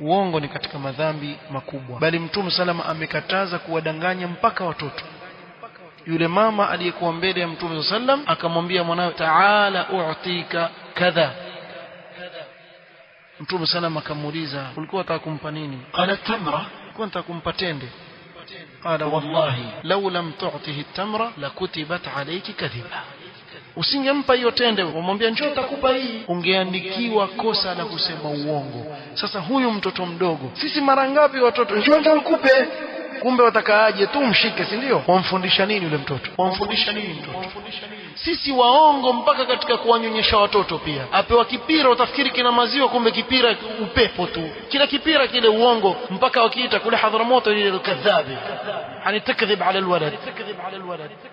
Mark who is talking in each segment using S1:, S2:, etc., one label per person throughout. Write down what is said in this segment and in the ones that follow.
S1: uongo ni katika madhambi makubwa bali mtume salama amekataza kuwadanganya mpaka watoto yule mama aliyekuwa mbele ya mtume sallam akamwambia mwanawe taala utika kadha mtume salama akamuuliza ulikuwa unataka kumpa nini
S2: qala tamra
S1: ulikuwa unataka kumpa tende
S2: qala wallahi lau lam tutihi tamra lakutibat عليك kadhiba
S1: Usingempa hiyo tende, umwambia njoo takupa hii, ungeandikiwa kosa la kusema uongo. Sasa huyu mtoto mdogo, sisi mara ngapi watoto, njoo nikupe kumbe watakaaje tu mshike si ndio wamfundisha nini yule mtoto wamfundisha nini mtoto sisi waongo mpaka katika kuwanyonyesha watoto pia apewa kipira utafikiri kina maziwa kumbe kipira upepo tu kila kipira kile uongo mpaka wakiita kule hadharamoto ile kadhabi anitakdhib ala alwalad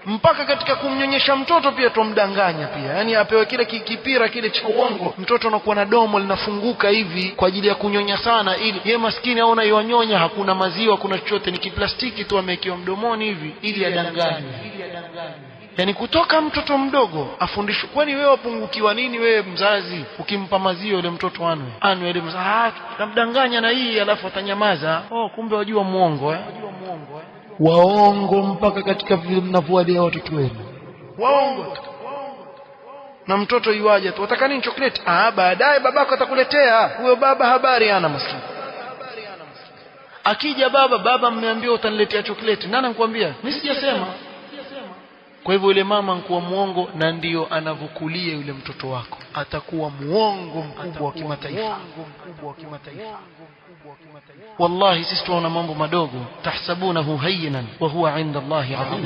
S1: mpaka katika kumnyonyesha mtoto pia tumdanganya pia yani apewa kile kipira kile cha uongo mtoto anakuwa na domo linafunguka hivi kwa ajili ya kunyonya sana ili ye maskini au unayowanyonya hakuna maziwa kuna chochote ni kiplastiki tu amekiwa mdomoni hivi ili adanganywe. Yaani kutoka mtoto mdogo afundishwe. Kwani wewe wapungukiwa nini wewe mzazi, ukimpa maziwa yule mtoto anwe anwe ile ah, na hii, alafu atanyamaza. Oh, kumbe wajua muongo eh? eh? Waongo mpaka katika vile mnavyowalea watoto wenu, waongo na mtoto yuaje tu, wataka nini chocolate? Ah, baadaye babako atakuletea huyo. Baba habari ana maskini akija baba baba mmeambiwa utaniletea chokoleti nani anakuambia mimi sijasema kwa hivyo yule mama nkuwa muongo na ndiyo anavyokulia yule mtoto wako atakuwa muongo mkubwa wa kimataifa wallahi sisi tunaona mambo madogo tahsabunahu hayinan wa huwa inda Allahi adhim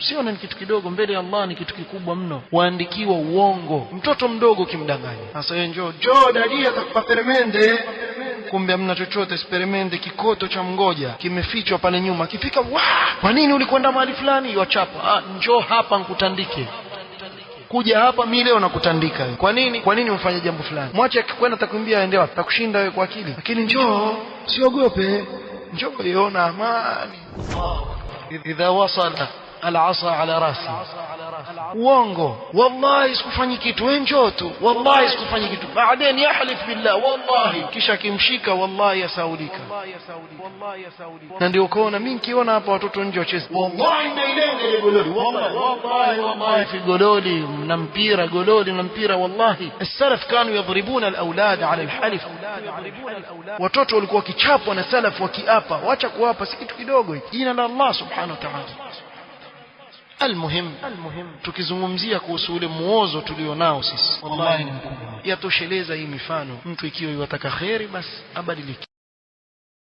S1: siona ni kitu kidogo mbele ya Allah ni kitu kikubwa mno waandikiwa uongo mtoto mdogo kimdanganya sasa yeye njoo njoo dadia atakupa peremende kumbe hamna chochote experimente kikoto cha mgoja kimefichwa pale nyuma kifika wa kwa nini ulikwenda mahali fulani wachapa ah, njoo hapa nkutandike kuja hapa mi leo nakutandika Kwa nini? Kwa nini umfanye jambo fulani? Mwache akikwenda takumbia aende wapi? Takushinda wewe kwa akili. Lakini njoo, siogope. Njoo iona amani. Idha wasala al ala rasi. uongo wallahi sikufanyi kitu enjo tu wallahi sikufanyi kitu baadaye yahlif billah wallahi kisha kimshika wallahi yasaulika na ndio ukaona mimi nikiona hapa watoto nje wacheza wallahi ile gololi wallahi wallahi wallahi fi gololi na mpira gololi na mpira wallahi السلف kanu yadhribuna alawlad ala alhalif watoto walikuwa kichapwa na salaf wakiapa wacha kuapa si kitu kidogo jina la Allah subhanahu wa ta'ala Almuhim, almuhim tukizungumzia kuhusu ule muozo tulionao sisi, wallahi yatosheleza hii mifano. Mtu ikiwa yuwataka kheri, basi abadilike.